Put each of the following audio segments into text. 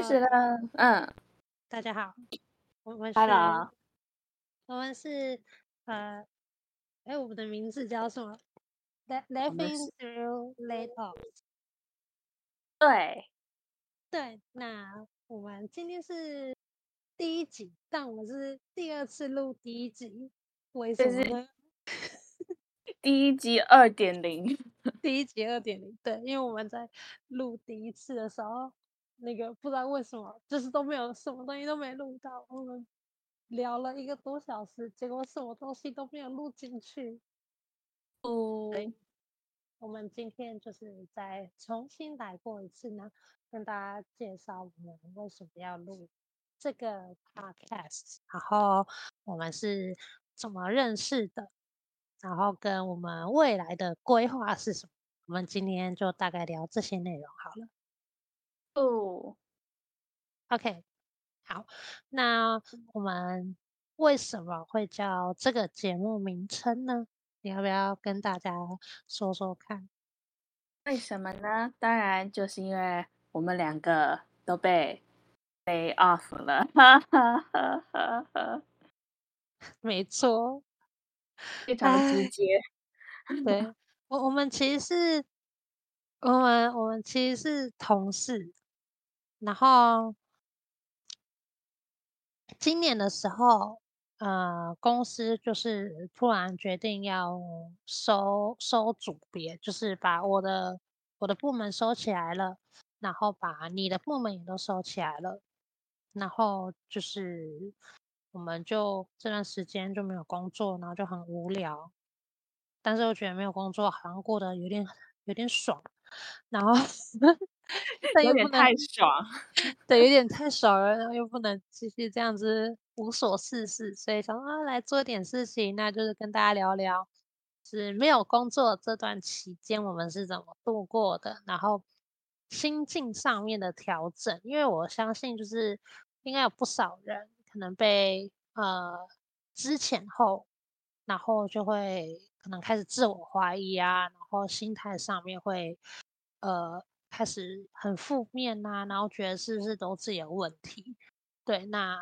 嗯、開始了，嗯，大家好，我我是，Hello. 我們是，呃，哎，我們的名字叫什麼？Living through later。對，對，那我們今天是第一集，但我是第二次錄第一集，我也是第一集二點零，第一集二點零，對，因為我們在錄第一次的時候。那個不知道為什麼，就是都沒有什麼東西都沒錄到。我們聊了一個多小時，結果什麼東西都沒有錄進去。哦、嗯，我們今天就是再重新來過一次呢，跟大家介紹我們為什麼要錄這個 podcast，然後我們是怎麼認識的，然後跟我們未來的規劃是什麼。我們今天就大概聊這些內容好了。嗯。不、哦，OK，好，那我們為什麼會叫這個節目名稱呢？你要不要跟大家說說看？為什麼呢？當然，就是因為我們兩個都被被 off 了，哈哈哈哈哈，沒錯，非常直接。對，我我們其實是我們，我們其實是同事。然後今年的時候，呃，公司就是突然決定要收收組別，就是把我的我的部門收起來了，然後把你的部門也都收起來了，然後就是我們就這段時間就沒有工作，然後就很無聊，但是我覺得沒有工作好像過得有點有點爽，然後。 但又不能有點太爽， 對，有點太爽了，然後又不能繼續這樣子無所事事，所以想要、啊、來做一點事情，那就是跟大家聊聊，就是沒有工作這段期間我們是怎麼度過的，然後心境上面的調整，因為我相信就是應該有不少人可能被呃資遣後，然後就會可能開始自我懷疑啊，然後心態上面會呃。開始很負面吶、啊，然後覺得是不是都自己的問題？對，那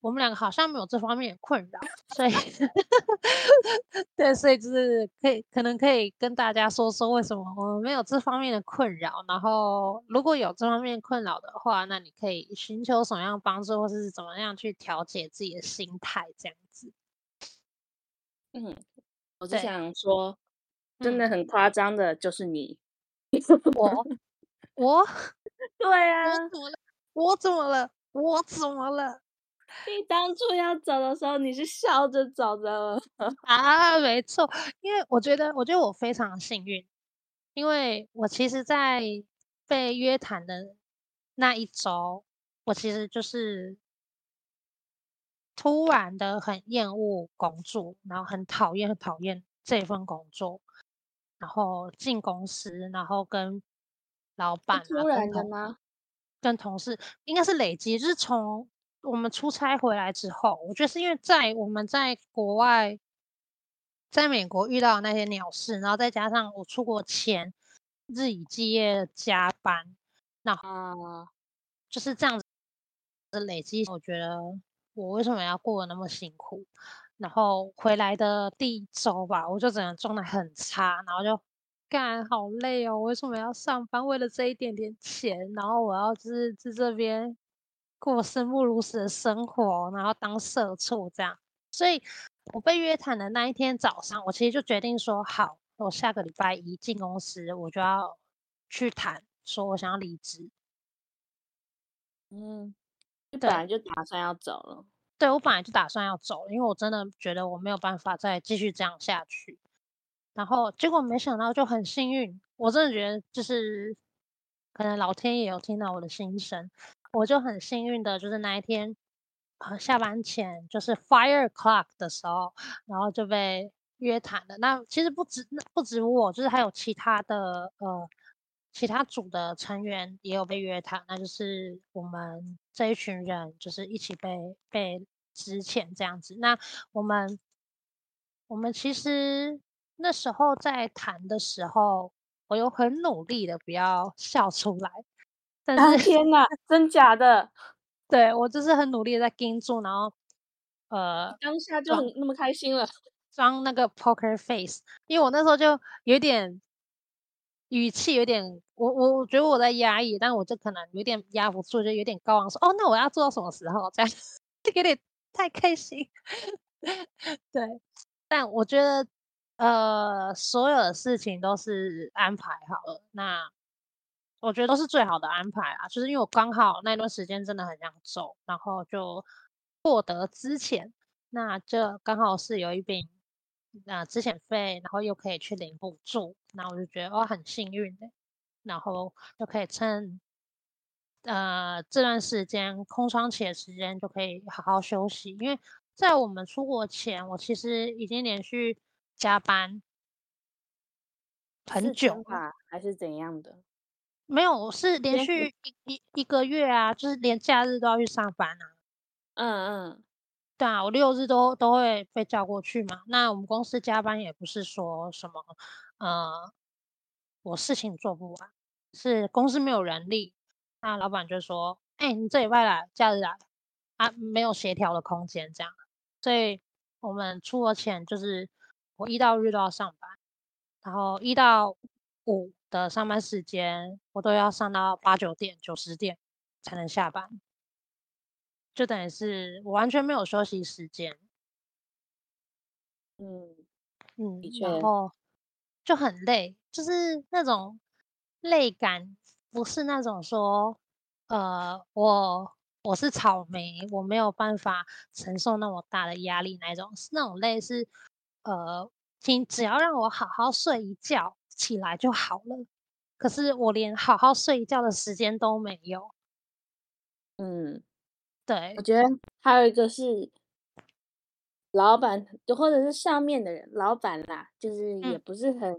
我們兩個好像沒有這方面的困擾，所以， 對，所以就是可以可能可以跟大家說說為什麼我們沒有這方面的困擾。然後，如果有這方面困擾的話，那你可以尋求什麼樣的幫助，或是怎麼樣去調節自己的心態這樣子。嗯，我就想說，真的很誇張的，就是你 我。我，對啊，我怎麼了？我怎麼了？你 當初要走的時候，你是笑着走的 啊，沒錯，因為我覺得，我覺得我非常幸運，因為我其實，在被約談的那一周，我其實就是突然的很厭惡工作，然後很討厭、很討厭這份工作，然後進公司，然後跟。老闆、啊，突然的嗎？跟同事應該是累積，就是從我們出差回來之後，我覺得是因為在我們在國外，在美國遇到那些鳥事，然後再加上我出國前日以繼夜的加班，然後就是這樣子的累積。我覺得我為什麼要過得那麼辛苦？然後回來的第一週吧，我就整個狀態很差，然後就。幹好累哦！我為什麼要上班？為了這一點點錢，然後我要、就是在這邊過生不如死的生活，然後當社畜這樣。所以我被約談的那一天早上，我其實就決定說，好，我下個禮拜一進公司，我就要去談，說我想要離職。嗯，你本來就打算要走了？對，我本來就打算要走，因為我真的覺得我沒有辦法再繼續這樣下去。然後結果沒想到就很幸運，我真的覺得就是可能老天也有聽到我的心聲，我就很幸運的就是那一天，呃、下班前就是 fire clock 的時候，然後就被約談了。那其實不止不止我，就是還有其他的呃其他組的成員也有被約談，那就是我們這一群人就是一起被被資遣這樣子。那我們我們其實。那時候在談的時候，我又很努力的不要笑出來。但是天哪，啊， 真假的？對我就是很努力的在盯住，然後呃，當下就很那麼開心了，裝那個 poker face。因為我那時候就有點語氣有點，我我我覺得我在壓抑，但我就可能有點壓不住，就有點高昂說哦，那我要做到什麼時候？這樣就有點太開心， 對， 對，但我覺得。呃，所有的事情都是安排好了。那我覺得都是最好的安排啊，就是因為我剛好那段時間真的很想走，然後就獲得資遣，那這剛好是有一筆啊、呃，資遣費，然後又可以去領補助，那我就覺得哦很幸運的、欸，然後就可以趁呃這段時間空窗期的時間就可以好好休息。因為在我們出國前，我其實已經連續。加班很久啊，還是怎樣的？沒有，我是連續一一一個月啊，就是連假日都要去上班啊。嗯嗯，對啊，我六日都都會被叫過去嘛。那我們公司加班也不是說什麼，嗯、呃，我事情做不完，是公司沒有人力。那老板就說：“哎，你這禮拜來假日來啊，沒有協調的空間這樣。”所以我們出國前就是。我一到日都要上班，然後一到五的上班時間我都要上到八九點、九十點才能下班，就等於是我完全沒有休息時間。嗯嗯，然後就很累，就是那種累感，不是那種說，呃，我我是草莓，我沒有辦法承受那麼大的壓力那種，是那種累，是。呃，請，只要讓我好好睡一覺起來就好了。可是我連好好睡一覺的時間都沒有。嗯，對，我覺得還有一個是老闆，或者是上面的人，老闆啦，就是也不是很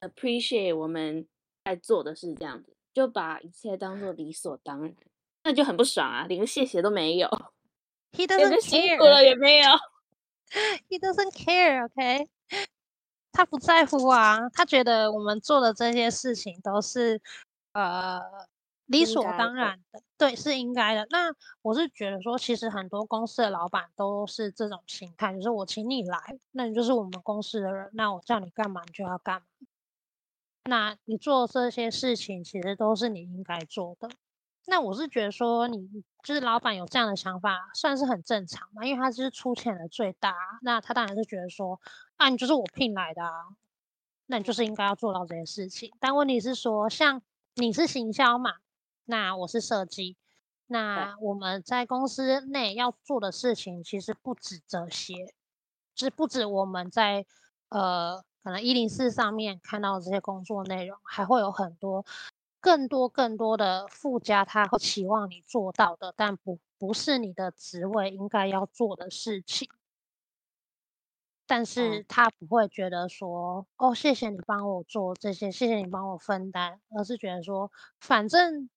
appreciate 我們在做的事這樣子，就把一切當做理所當然，那就很不爽啊，連個謝謝都沒有，He doesn't care，也，辛苦了也沒有。He doesn't care, OK？他不在乎啊，他覺得我們做的這些事情都是呃理所當然的，對，對，是應該的。那我是覺得說，其實很多公司的老闆都是這種心態，就是我請你來，那你就是我們公司的人，那我叫你幹嘛，你就要幹嘛。那你做這些事情，其實都是你應該做的。那我是覺得說你，你就是老闆有這樣的想法，算是很正常嘛，因為他是出錢的最大，那他當然是覺得說，那、啊、你就是我聘來的、啊，那你就是應該要做到這些事情。但問題是說，像你是行銷嘛，那我是設計，那我們在公司內要做的事情其實不止這些，就是不止我們在呃可能一零四上面看到的這些工作內容，還會有很多。更多更多的附加，他會期望你做到的，但不不是你的職位應該要做的事情。但是他不會覺得說、嗯，哦，謝謝你幫我做這些，謝謝你幫我分擔，而是覺得說，反正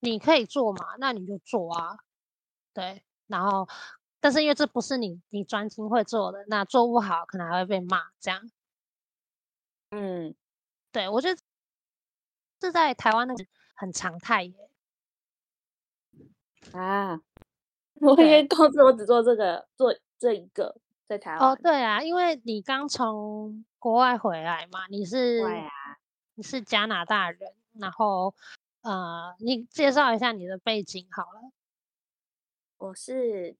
你可以做嘛，那你就做啊。對，然後，但是因為這不是你，你專精會做的，那做不好可能還會被罵這樣。嗯，對我覺得。是在台灣的很常態耶！啊，我因為告訴我只做這個，做這一個在台灣哦？對啊，因為你剛從國外回來嘛，你是對啊，你是加拿大人，然後啊、呃，你介紹一下你的背景好了。我是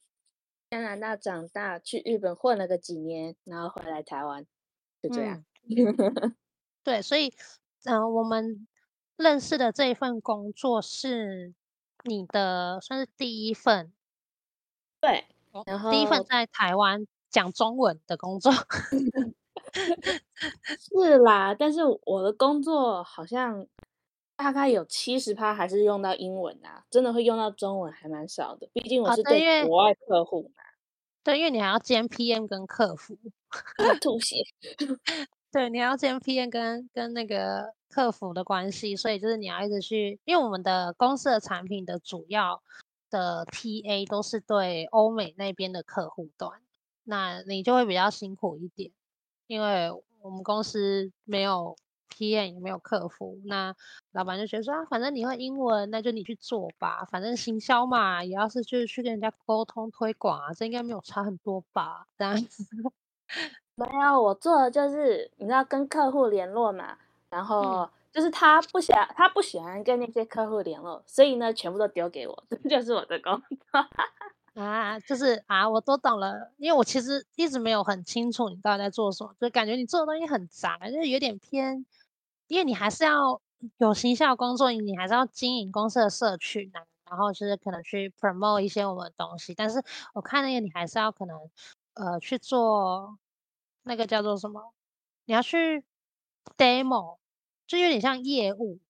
加拿大長大，去日本混了個幾年，然後回來台灣，就這樣。嗯、對， 對，所以呃，我們。認識的這一份工作是你的，算是第一份，對，然後第一份在台灣講中文的工作， 是啦。但是我的工作好像大概有七十趴還是用到英文的，啊，真的會用到中文還蠻少的。畢竟我是對國外客戶嘛。哦，對，因為你還要兼 PM 跟客服， 吐血。對，你要跟 PM 跟跟那個客服的關係，所以就是你要一直去，因為我們的公司的產品的主要的 TA 都是對歐美那邊的客戶端，那你就會比較辛苦一點。因為我們公司沒有 PM 也沒有客服，那老闆就覺得說啊，反正你會英文，那就你去做吧，反正行銷嘛，也要是就是去跟人家溝通推廣啊，這應該沒有差很多吧，這樣子。 沒有，我做的就是你知道跟客戶聯絡嘛，然後就是他不想、嗯、他不喜歡跟那些客戶聯絡，所以呢全部都丟給我，這就是我的工作。啊，就是啊，我都懂了，因為我其實一直沒有很清楚你到底在做什麼，就感覺你做的東西很雜，就是有點偏，因為你還是要有形象工作，你還是要經營公司的社區，然後就是可能去 promote 一些我們的東西，但是我看那個你還是要可能呃去做。那個叫做什麼？你要去 demo，就有點像業務。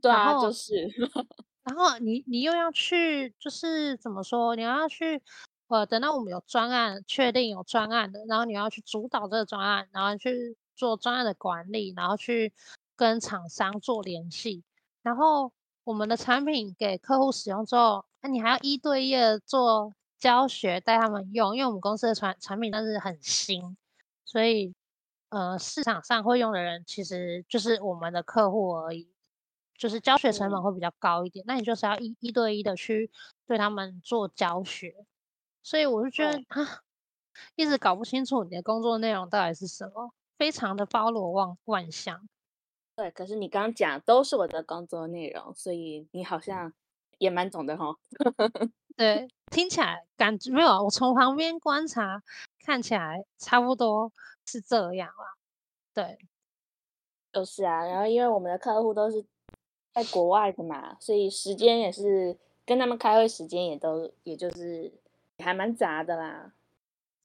對啊，然後就是。 然後你你又要去，就是怎麼說？你要去，呃，等到我們有專案，確定有專案的，然後你要去主導這個專案，然後去做專案的管理，然後去跟廠商做聯繫。然後我們的產品給客戶使用之後，那你還要一對一的做教學，帶他們用，因為我們公司的產產品那是很新。所以，呃，市場上會用的人其實就是我們的客戶而已，就是教學成本會比較高一點。嗯、那你就是要一一對一的去對他們做教學。所以我就覺得他、哦啊、一直搞不清楚你的工作內容到底是什麼，非常的包羅萬萬象。對，可是你剛，剛講都是我的工作內容，所以你好像也蠻懂的哈、哦。 對，聽起來感覺沒有，我從旁邊觀察。看起來差不多是這樣啦，對，就是啊。然後因為我們的客戶都是在國外的嘛，所以時間也是跟他們開會時間也都也就是也還蠻雜的啦。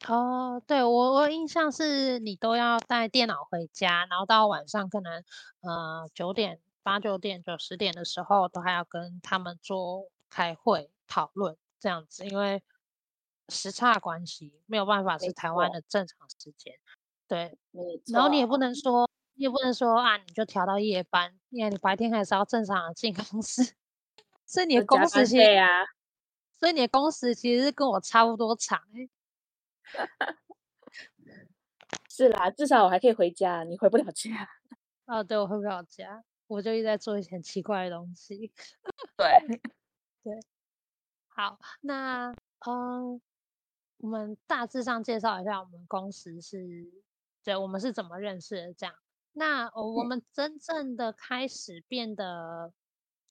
哦，對，我我印象是你都要帶電腦回家，然後到晚上可能呃九點、八九點、九十點的時候都還要跟他們做開會討論這樣子，因為。時差關係，沒有辦法是台灣的正常時間，對。然後你也不能說，你也不能說啊，你就調到夜班。你看，你白天還是要正常進公司，所以你的工時的，對呀、啊，所以你的工時其實是跟我差不多長、欸。 是啦，至少我還可以回家，你回不了家。哦、啊，對我回不了家，我就一直在做一些很奇怪的東西。對，對，好，那嗯。我們大致上介紹一下，我們公司是，對，我們是怎麼認識的。這樣，那我們真正的開始變得，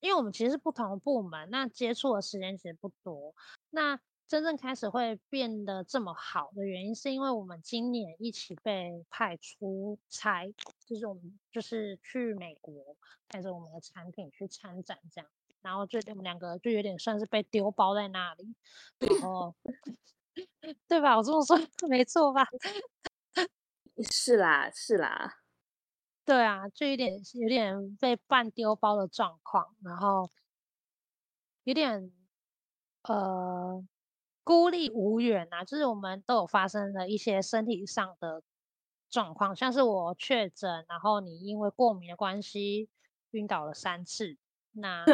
因為我們其實是不同部門，那接觸的時間其實不多。那真正開始會變得這麼好的原因，是因為我們今年一起被派出差，就是我們就是去美國，帶着我們的產品去參展，這樣。然後，就我們兩個就有點算是被丟包在那裡，然後。對吧？我這麼說沒錯吧？ 是啦，是啦。對啊，就有點有點被半丟包的狀況，然後有點呃孤立無援啊。就是我們都有發生了一些身體上的狀況，像是我確診，然後你因為過敏的關係暈倒了三次，那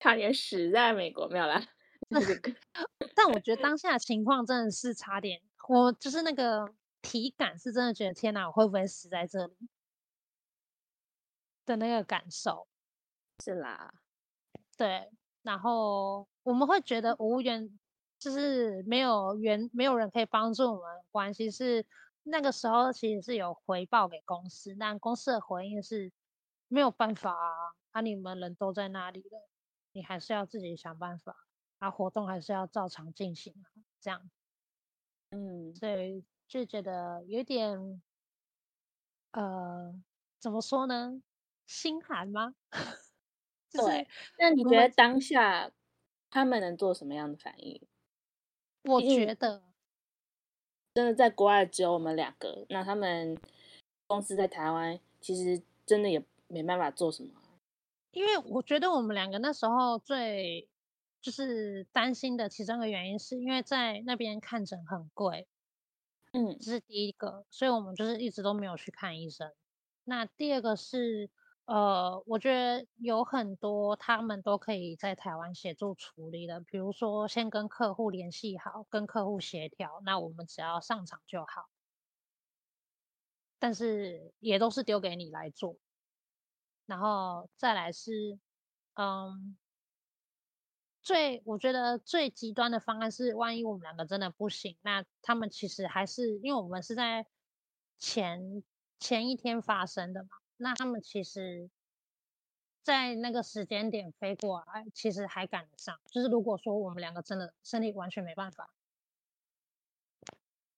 差點死在美國，沒有啦。那， 但我覺得當下情況真的是差點，我就是那個體感是真的覺得天哪，我會不會死在這裡？的那個感受，是啦，對。然後我們會覺得無緣，就是沒有緣，沒有人可以幫助我們。關係是那個時候其實是有回報給公司，但公司的回應是沒有辦法啊，啊你們人都在那裡了，你還是要自己想辦法。啊，活動還是要照常進行，這樣，嗯，對，就覺得有點，呃，怎麼說呢，心寒嗎？對， 就是、那你覺得當下他們能做什麼樣的反應？我覺得真的在國外只有我們兩個，那他們公司在台灣、嗯，其實真的也沒辦法做什麼。因為我覺得我們兩個那時候最。就是擔心的其中一個原因，是因為在那邊看診很貴，嗯，這是第一個，所以我們就是一直都沒有去看醫生。那第二個是，呃，我覺得有很多他們都可以在台灣協助處理的，比如說先跟客戶聯繫好，跟客戶協調，那我們只要上場就好。但是也都是丟給你來做，然後再來是，嗯。最我覺得最極端的方案是，萬一我們兩個真的不行，那他們其實還是，因為我們是在前前一天發生的嘛，那他們其實，在那個時間點飛過來，其實還趕得上。就是如果說我們兩個真的身體完全沒辦法，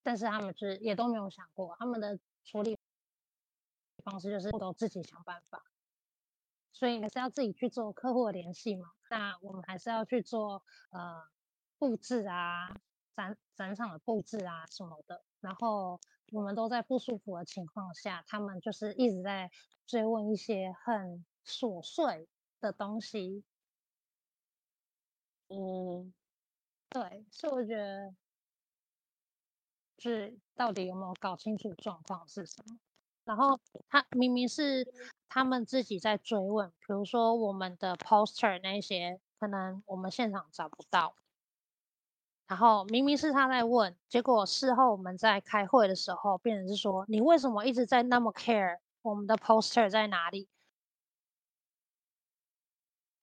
但是他們是也都沒有想過，他們的處理方式就是都自己想辦法，所以還是要自己去做客戶的聯繫嘛。那我們還是要去做呃佈置啊，展展場的佈置啊什麼的。然後我們都在不舒服的情況下，他們就是一直在追問一些很瑣碎的東西。嗯，對，所以我覺得，就是到底有沒有搞清楚狀況是什麼？然後他明明是他們自己在追問，比如說我們的 poster 那些，可能我們現場找不到。然後明明是他在問，結果事後我們在開會的時候，變成是說：“你為什麼一直在那麼 care 我們的 poster 在哪裡？”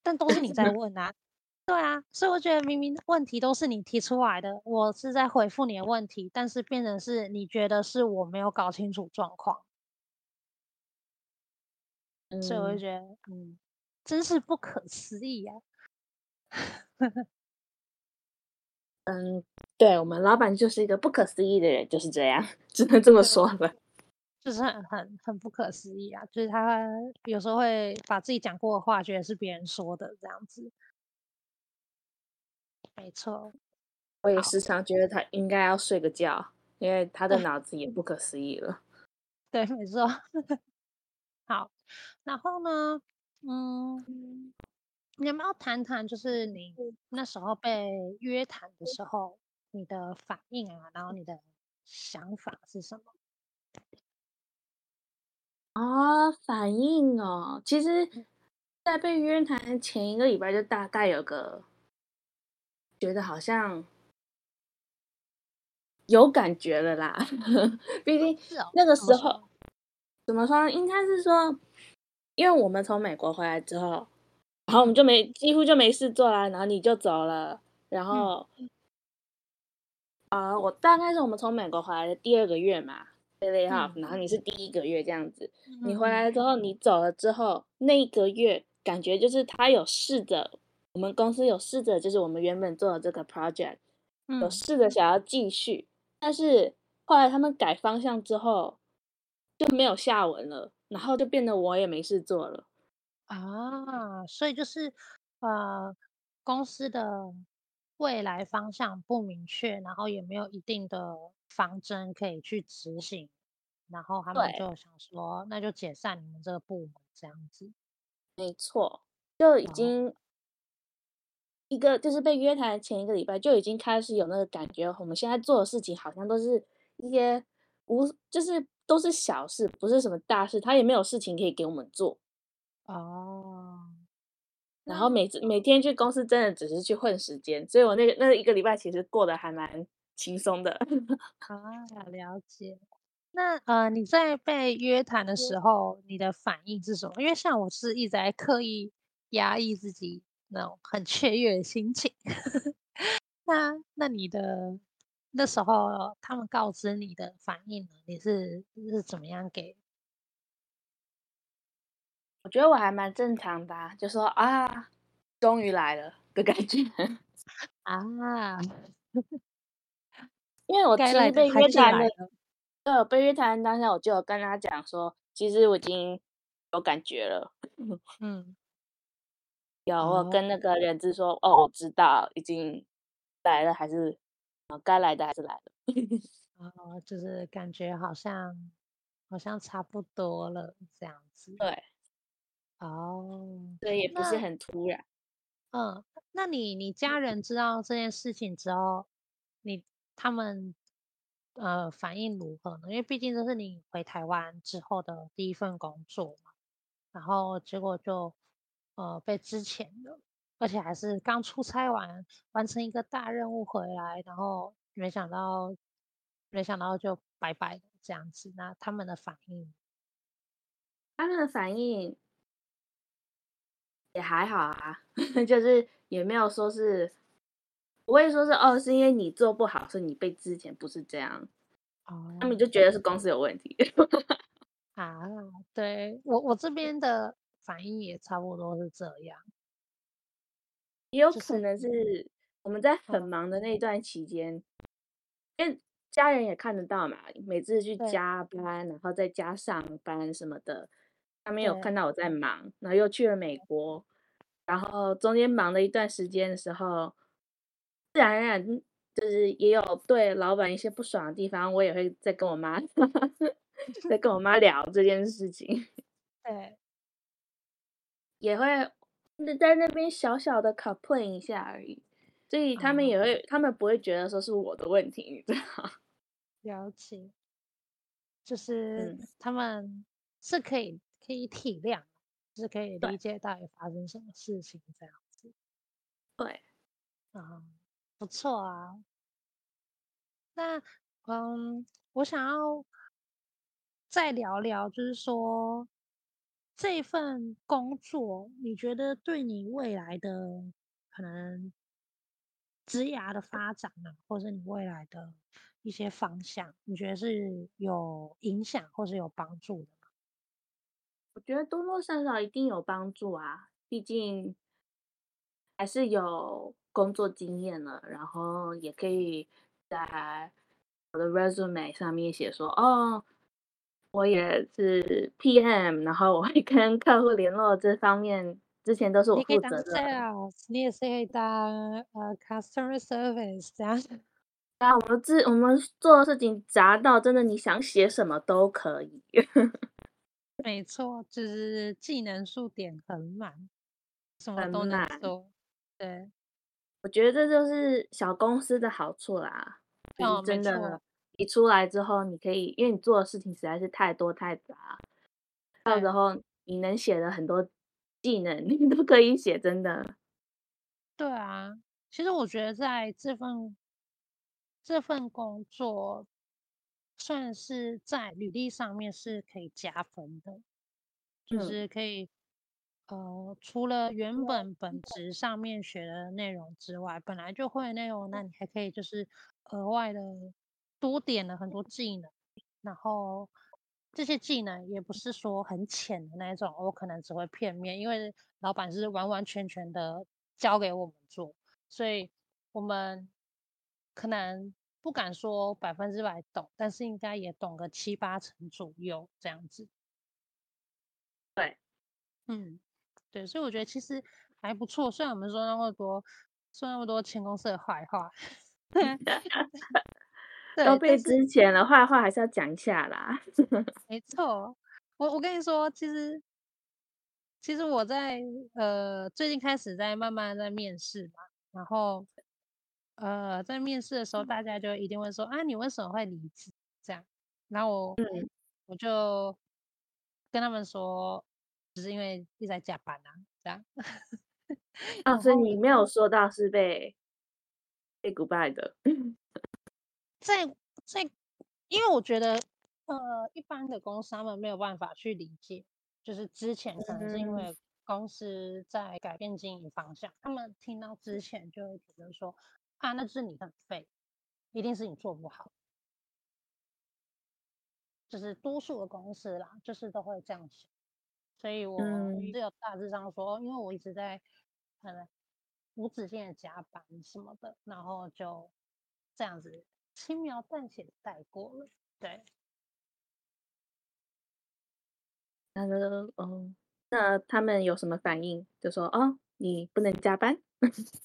但都是你在問啊。 對啊，所以我覺得明明問題都是你提出來的，我是在回覆你的問題，但是變成是你覺得是我沒有搞清楚狀況。所以我覺得嗯，嗯，真是不可思議呀、啊！ 嗯，對，我們老板就是一個不可思議的人，就是這樣，只能這麼說了。就是很很很不可思議啊！就是他有時候會把自己講過的話，覺得是別人說的這樣子。沒錯，我也時常覺得他應該要睡個覺，因為他的腦子也不可思議了。 對，沒錯。 好。然後呢，嗯，你有沒有談談，就是你那時候被約談的時候，你的反應啊，然後你的想法是什麼？啊、哦，反應哦，其實，在被約談前一個禮拜，就大概有個覺得好像有感覺了啦， 畢竟那個時候。哦怎麼說呢？應該是說，因為我們從美國回來之後，嗯、然後我們就沒幾乎就沒事做啦、啊。然後你就走了。然後，嗯、啊，我大概是我們從美國回來的第二個月嘛，對不對？哈。然後你是第一個月這樣子、嗯。你回來之後，你走了之後，那一個月感覺就是他有試着，我們公司有試着，就是我們原本做的這個 project，、嗯、有試着想要繼續，但是後來他們改方向之後。就沒有下文了，然後就變得我也沒事做了。啊，所以就是啊、呃，公司的未來方向不明確，然後也沒有一定的方針可以去執行，然後他們就想說，那就解散你們這個部門這樣子。沒錯，就已經一個就是被約談前一個禮拜就已經開始有那個感覺，我們現在做的事情好像都是一些無就是。都是小事，不是什麼大事，他也沒有事情可以給我們做。哦，然後每次、嗯、每天去公司，真的只是去混時間，所以我那個、那一個禮拜其實過得還蠻輕鬆的。好、嗯啊，了解。那呃，你在被約談的時候，你的反應是什麼？因為像我是一直在刻意壓抑自己那種很雀躍的心情。 那那你的？那時候他們告知你的反應，你是是怎麼樣給？我覺得我還蠻正常的、啊，就說啊，終於來了的感覺啊。 因為我在被約談的，對，被約談當下我就有跟他講說，其實我已經有感覺了。嗯，嗯有我有跟那個人就說、嗯，哦，我知道已經來了，還是。啊、哦，該來的還是來了。 哦，就是感覺好像好像差不多了這樣子。對，哦，對，也不是很突然。嗯，那你你家人知道這件事情之後，你他們呃反應如何呢？因為畢竟這是你回台灣之後的第一份工作嘛，然後結果就呃被資遣了。而且還是剛出差完，完成一個大任務回來，然後沒想到，沒想到就拜拜這樣子。那他們的反應，他們的反應也還好啊，就是也沒有說是，不會說是哦，是因為你做不好，是你被之前不是這樣，啊，他們就覺得是公司有問題。對對對 啊，對我我這邊的反應也差不多是這樣。也有可能是我們在很忙的那一段期間，就是，因為家人也看得到嘛，每次去加班，然後在家上班什麼的，他們有看到我在忙，然後又去了美國，然後中間忙了一段時間的時候，自然而然就是也有對老闆一些不爽的地方，我也會在跟我媽 在跟我媽聊這件事情，對，也會。在那邊小小的 complain 一下而已，所以他們也會、嗯，他們不會覺得說是我的問題，你知道？了解就是、嗯、他們是可以可以體諒，就是可以理解到底發生什麼事情這樣子。對，啊、嗯，不錯啊。那嗯，我想要再聊聊，就是說。這份工作，你覺得對你未來的可能職涯的發展呢、啊，或是你未來的一些方向，你覺得是有影響或是有幫助的嗎？我覺得多多少少一定有幫助啊，畢竟還是有工作經驗了，然後也可以在我的 resume 上面寫說哦。我也是 PM，然後我會跟客戶聯絡這方面，之前都是我負責的。你可以當 sales 你也是可以當呃、uh, customer service。這樣子。啊，我們自我們做的事情雜到真的，你想寫什麼都可以。 沒錯，就是技能樹點很滿，什麼都西都。對，我覺得這就是小公司的好處啦，哦就是、真的。一出來之後，你可以，因為你做的事情實在是太多太雜，啊，到時候你能寫的很多技能，你都可以寫。真的，對啊，其實我覺得在這份這份工作，算是在履歷上面是可以加分的，嗯、就是可以，呃，除了原本本職上面學的內容之外，本來就會的內容，那你還可以就是額外的。多點了很多技能，然後這些技能也不是說很淺的那種，我、哦、可能只會片面，因為老闆是完完全全的交給我們做，所以我們可能不敢說百分之百懂，但是應該也懂個七八成左右這樣子。對，嗯，對，所以我覺得其實還不錯，雖然我們說那麼多說那麼多前公司的壞話。哎， 都被之前了壞話還是要講一下啦。沒錯，我我跟你說，其實其實我在呃最近開始在慢慢在面試嘛，然後呃在面試的時候，大家就一定會說、嗯、啊，你為什麼會離職這樣？然後我、嗯、我就跟他們說，只是因為一直在加班啊這樣。啊、哦，所以你沒有說到是被被古拜的。這這，因為我覺得，呃，一般的公司他們沒有辦法去理解，就是之前可能是因為公司在改變經營方向、嗯，他們聽到之前就會覺得說，啊，那就是你很廢，一定是你做不好，就是多數的公司啦，就是都會這樣想。所以我們只有大致上說，因為我一直在可能、嗯、無止境的加班什麼的，然後就這樣子。輕描淡寫帶過了，對。那，嗯，嗯，那他們有什麼反應？就說哦，你不能加班。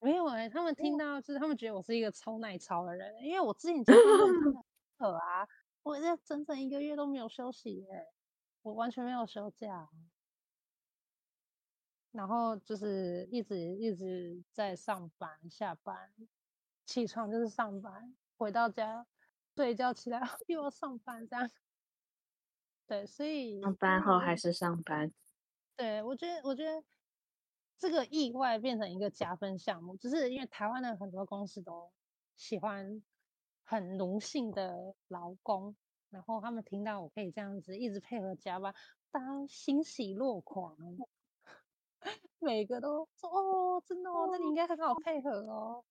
沒有啊，欸，他們聽到，嗯、就是他們覺得我是一個超耐操的人，因為我之前真的很啊， 我這整整一個月都沒有休息耶，欸，我完全沒有休假，然後就是一直一直在上班，下班，起床就是上班。回到家，睡覺起來又要上班，這樣。對，所以上班後還是上班。對，我覺得我覺得這個意外變成一個加分項目，就是因為台灣的很多公司都喜歡很奴性的勞工，然後他們聽到我可以這樣子一直配合加班，當然欣喜若狂，每個都說哦，真的哦，那你應該很好配合哦。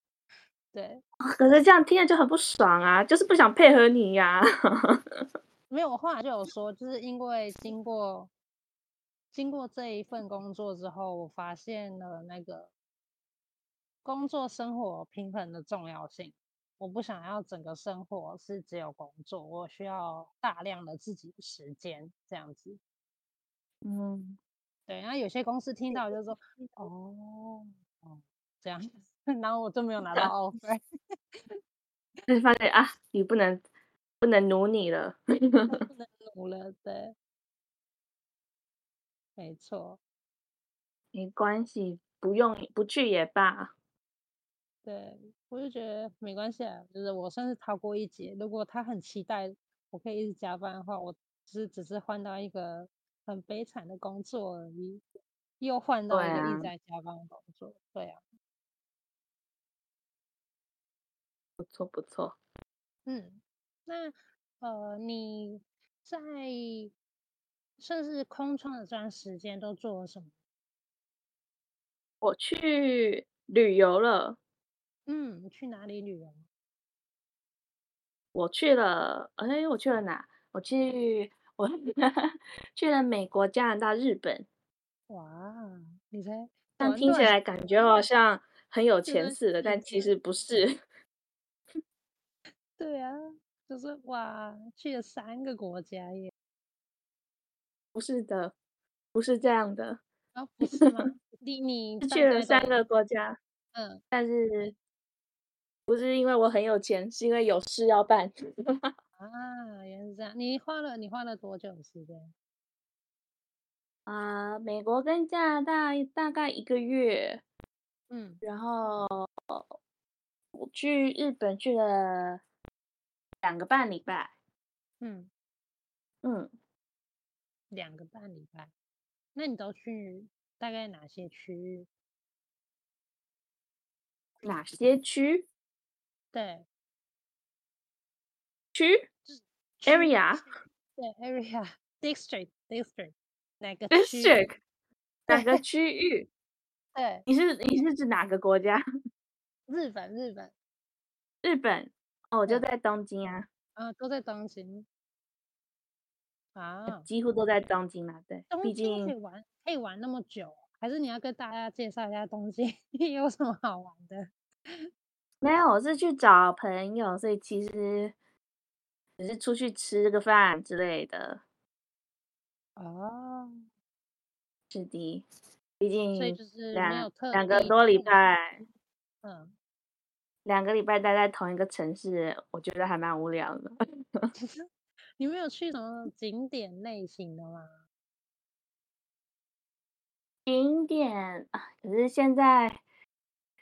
對、哦，可是這樣聽着就很不爽啊，就是不想配合你呀，、啊。 沒有，話就有說，就是因為經過經過這一份工作之後，我發現了那個工作生活平衡的重要性。我不想要整個生活是只有工作，我需要大量的自己時間這樣子。嗯，對。然後有些公司聽到就說：“哦、嗯，哦、嗯、這樣子。” 然後我就沒有拿到 offer，就是發現 啊，你不能不能努你了， 不能努了，對，沒錯，沒關係，不用不去也罷。對，我就覺得沒關係啊，就是我算是逃過一劫。如果他很期待我可以一直加班的話，我只是只是換到一個很悲慘的工作而已，又換到一個一直在加班的工作，對啊。對啊。不錯，不錯。嗯，那呃，你在甚至空窗的這段時間都做了什麼？我去旅遊了。嗯，去哪裡旅遊？我去了，哎，我去了哪？我去，我去了美國、加拿大、日本。哇，你猜。但聽起來感覺好像很有錢似的，但其實不是。對啊，就是哇，去了三個國家耶！不是的，不是這樣的啊、哦，不是嗎？你你去了三個國家，嗯，但是不是因為我很有錢，是因為有事要辦 啊。原來是這樣。你花了你花了多久時間？啊、呃，美國跟加拿大大概一個月，嗯，然後我去日本去了。兩個半禮拜，嗯，嗯，兩個半禮拜。那你都去大概哪些區域？哪些區？對，區，區，area，對，area，district，district，哪個 district，哪個區域？ 區域區域 對，你是你是指哪個國家？日本，日本，日本。我就在東京啊，嗯啊，都在東京，啊，幾乎都在東京嘛，對，畢竟可以玩，可以玩那麼久，啊，還是你要跟大家介紹一下東京有什麼好玩的？沒有，我是去找朋友，所以其實只是出去吃個飯之類的。哦，是的，畢竟所以就是兩兩個多禮拜，嗯。兩個禮拜待在同一個城市，我覺得還蠻無聊的。你沒有去什麼景點類型的嗎？景點，可是現在，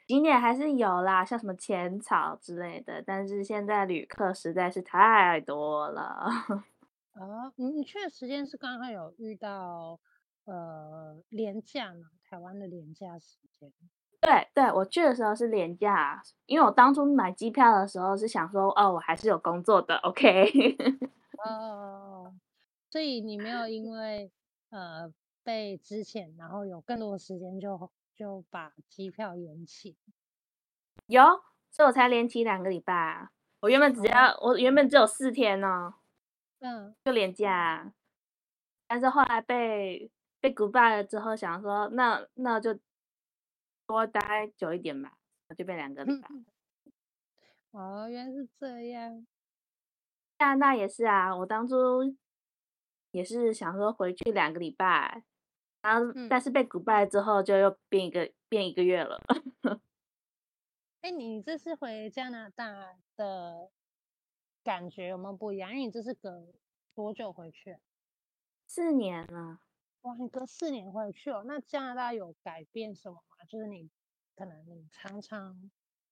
景點還是有啦，像什麼淺草之類的。但是現在旅客實在是太多了。啊、哦，你你去的時間是剛剛有遇到呃連假嗎？台灣的連假時間。對對，我去的時候是連假，因為我當初買機票的時候是想說，哦，我還是有工作的，OK。 哦，所以你沒有因為呃被資遣，然後有更多的時間就就把機票延期？有，所以我才延期兩個禮拜。我原本只要、哦、我原本只有四天哦，嗯，就連假，但是後來被被 goodbye 了之後，想說那那就。多待久一點吧，就變兩個禮拜。 哦，原來是這樣。加拿大也是啊，我當初也是想說回去兩個禮拜，然後、嗯、但是被古拜之後就又變一個變一個月了。哎， 你這次回加拿大的感覺有沒有不一樣？因為你這是隔多久回去？四年了。哇，你隔四年回去哦？那加拿大有改變什麼？就是你可能你常常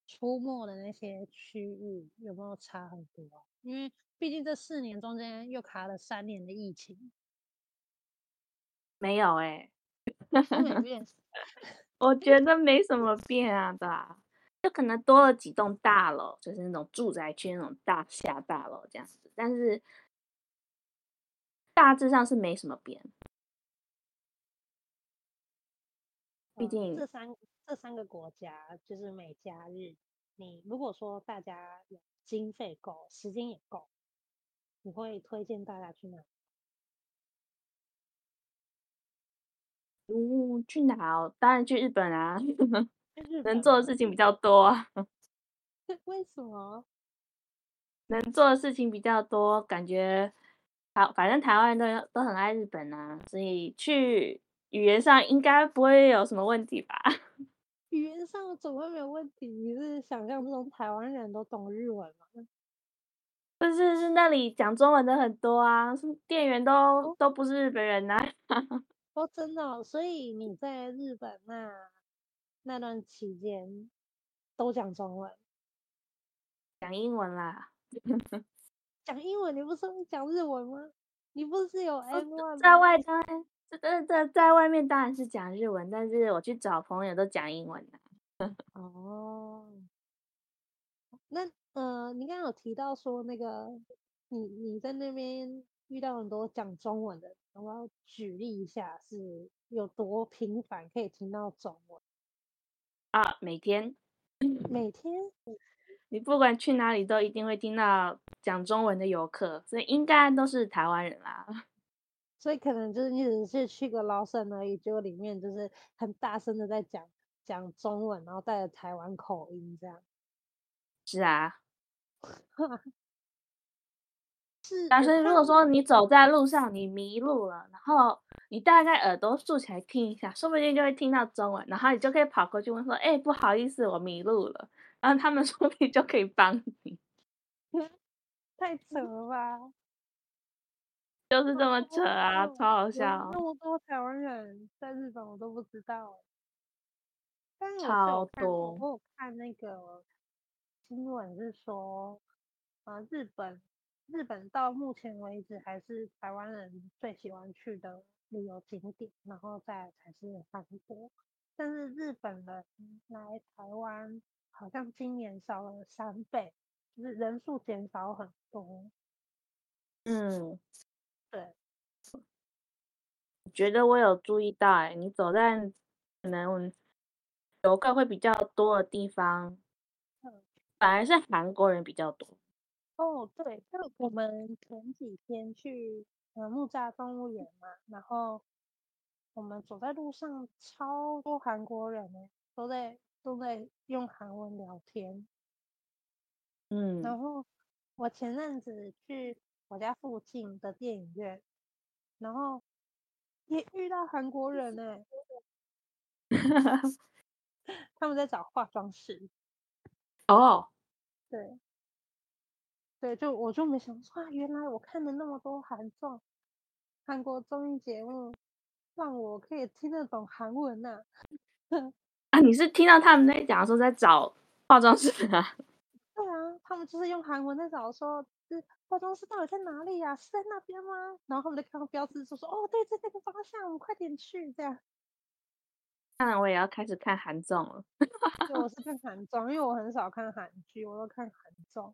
出沒的那些區域有沒有差很多？因為畢竟這四年中間又卡了三年的疫情，沒有哎、欸， 我覺得沒什麼變啊吧、啊，就可能多了幾棟大樓，就是那種住宅區那種大廈大樓這樣子，但是大致上是沒什麼變。畢竟這三這三個國家就是美加日，你如果說大家有經費夠，時間也夠，你會推薦大家去哪？嗯、哦，去哪兒？當然去日本啦、啊，能做的事情比較多、啊。為什麼？能做的事情比較多，感覺好，反正台灣人都都很愛日本啊，所以去。語言上應該不會有什麼問題吧？語言上怎麼會沒有問題？你是想象這種台灣人都懂日文嗎？不是，是那裡講中文的很多啊，店員都都不是日本人吶、啊。哦，真的、哦，所以你在日本那那段期間都講中文，講英文啦，講 英文。你不是會講日文嗎？你不是有 M1、哦、在外灘。在在在外面當然是講日文，但是我去找朋友都講英文啊，呵呵。哦，那呃，你剛剛有提到說那個你你在那邊遇到很多講中文的，我要舉例一下是有多頻繁可以聽到中文啊？每天，每天， 你不管去哪裡都一定會聽到講中文的遊客，所以應該都是台灣人啦。所以可能就是你只是去個 Lawson 而已，結果裡面就是很大聲的在講講中文，然後帶着台灣口音這樣。是啊， 是。但、啊、所以如果說你走在路上你迷路了，然後你大概耳朵豎起來聽一下，說不定就會聽到中文，然後你就可以跑過去問說：“哎，不好意思，我迷路了。”然後他們說不定就可以幫你。太扯了吧！ 就是這麼扯啊，哦、超好笑！那麼多台灣人在日本，我都不知道。但超多！我有看那個新聞，是說，呃，日本日本到目前為止還是台灣人最喜歡去的旅遊景點，然後再才是韓國。但是日本人來台灣，好像今年少了三倍，就是人數減少很多。嗯。對，我覺得我有注意到，哎，你走在可能遊客會比較多的地方，反而是韓國人比較多。哦，對，就我們前幾天去呃木柵動物園嘛，然後我們走在路上，超多韓國人哎，都在都在用韓文聊天。嗯，然後我前陣子去。我家附近的電影院，然後也遇到韓國人呢、欸。 他們在找化妝師哦，oh. 對，對，就我就沒想哇、啊，原來我看了那麼多韓綜、韓國綜藝節目，讓我可以聽得懂韓文吶、啊！ 啊，你是聽到他們在講說在找化妝師啊？對啊，他們就是用韓文在找說。化妝師到底在哪裡呀、啊？是在那邊嗎？然後我就看到標誌，就說哦，對，在這個方向，我快點去。這樣，當、嗯、然我也要開始看韓綜了。對， 我是看韓綜，因為我很少看韓劇，我都看韓綜。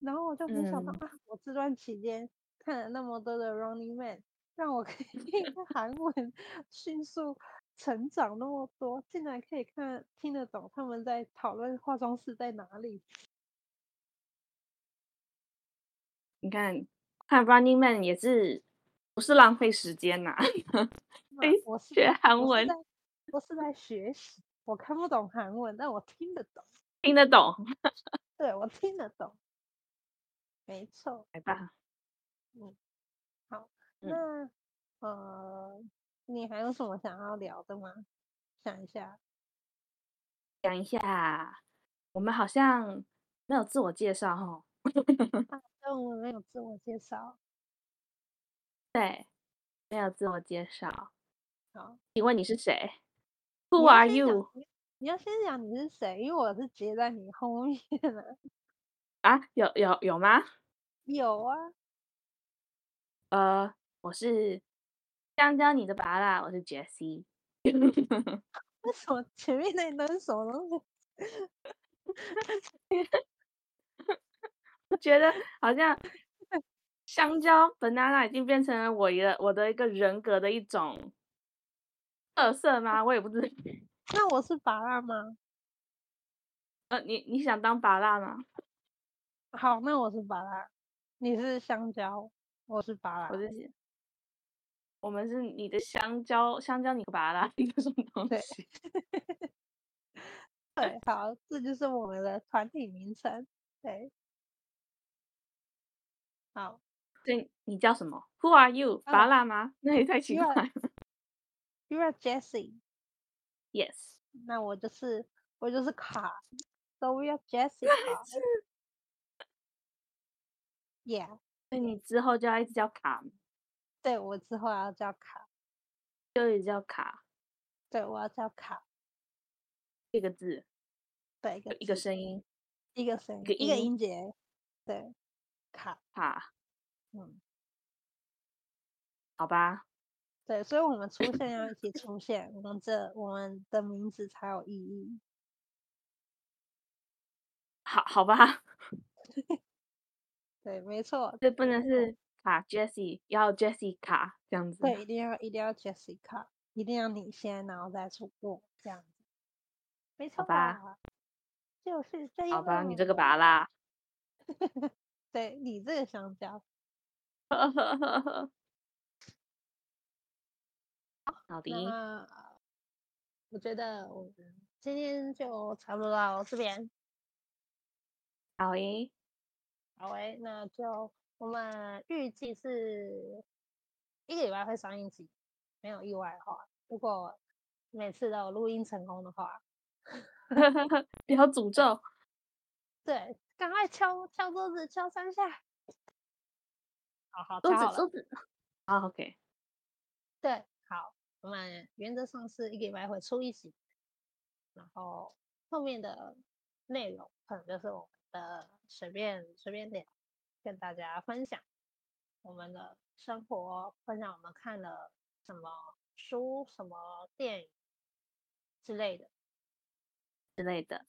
然後我就沒想到啊、嗯，我這段期間看了那麼多的 Running Man，讓我可以聽韓文迅速成長那麼多，竟然可以看聽得懂他們在討論化妝師在哪裡。你看看《看 Running Man》，也是不是浪費時間吶、啊啊 ？我學韓文，不是，是在學習。我看不懂韓文，但我聽得懂，聽得懂。 對，我聽得懂，沒錯。來吧，嗯，好，嗯、那呃，你還有什麼想要聊的嗎？想一下，想一下，我們好像沒有自我介紹哈、哦。 沒有自我介紹，對，沒有自我介紹。好，請問你是誰？Who are you？你要先講你是誰，因為我是直接在你後面的。啊，有有有嗎？有啊。呃，我是香蕉，你的爸爸，我是 Jessie。 為什麼前面那都是什麼東西？ 我 覺得好像香蕉 Banana 已經變成了我的我的一個人格的一種特色嗎？我也不知道。那我是芭樂嗎？呃，你你想當芭樂嗎？好，那我是芭樂，你是香蕉，我是芭樂，我是。我們是你的香蕉，香蕉你個芭樂，你個什麼東西？對， 對，好，這就是我們的團體名稱。對。好，對，你叫什麼？Who are you？麻、oh, 辣嗎？那也太奇怪了。You are, are Jessie. Yes. 那我就是我就是卡。So we are Jesse, are you are Jessie. Yeah. 那你之後就要一直叫卡。對，我之後要叫卡。就一直叫卡。對，我要叫卡。一個字。對，一個一個聲音。一個聲音，一個音節。對。卡卡，嗯，好吧，對，所以我們出現要一起出現，我 們這我們的名字才有意義。好，好吧， 對，沒錯，這不能是卡 Jessie，嗯、要 Jessica 這樣子。對，一定要一定要 Jessica，一定要你先，然後再出我這樣子，沒錯吧，吧？就是這樣。好吧，你這個拔啦。 對你這個香蕉， 好的我覺得，我們今天就差不多到這邊。好滴，好誒，那就我們預計是一個禮拜會上一集，沒有意外的話，如果每次都有錄音成功的話，哈哈哈，不要詛咒。 對。趕快敲敲桌子，敲三下。好好，桌子桌子。好，oh, OK，對，好。我們原則上是一個禮拜會出一集，然後後面的內容可能就是我們的隨便隨便點，跟大家分享我們的生活，分享我們看了什麼書、什麼電影之類的、之類的、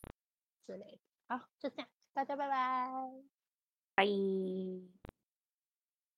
之類的。好，就這樣。大家拜拜，拜。